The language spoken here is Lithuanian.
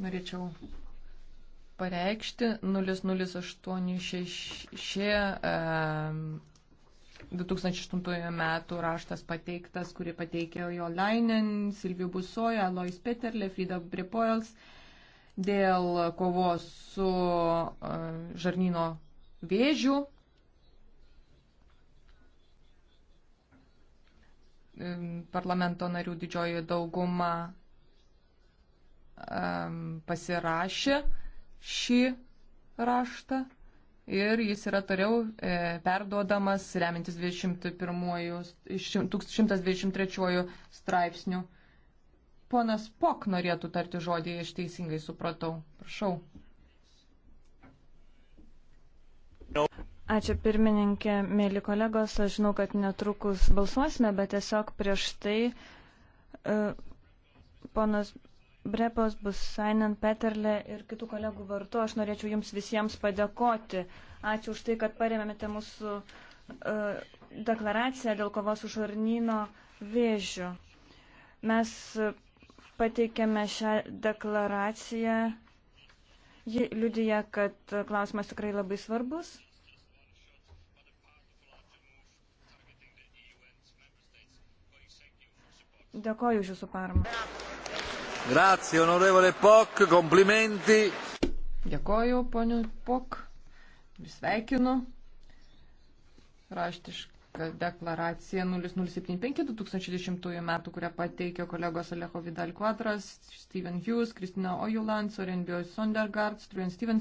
Norėčiau pareikšti 0086 e, 2008 metų raštas pateiktas, kurį pateikė jo Lainen, Silvijų Busoja, Alois Peterle, Frida Brepojals dėl kovos su e, žarnyno vėžiu. Parlamento narių didžioji dauguma pasirašė šį raštą ir jis yra toliau e, perduodamas remintis 123 straipsnių. Ponas Pok norėtų tarti žodį, aš teisingai supratau. Prašau. Ačiū pirmininkė, mėly kolegos, aš žinau, kad netrukus balsuosime, bet tiesiog prieš tai e, ponas Brepos bus Sainen Peterle ir kitų kolegų vartu. Aš norėčiau jums visiems padėkoti. Ačiū už tai, kad paremėte mūsų uh, deklaraciją dėl kovos už žarnyno vėžių. Mes pateikėme šią deklaraciją. Ji liudija, kad klausimas tikrai labai svarbus. Dėkoju už jūsų paramą. Grazie, onorevole Pok, komplimenti. Dėkoju, poniu Pok, sveikinu. Raštiška deklaracija 0075-2010 metų, kurią pateikė kolegos Alejo Vidal Quadras, Steven Hughes, Kristina Ojuland, Soren Bios Sondergaard, Struan Stevens.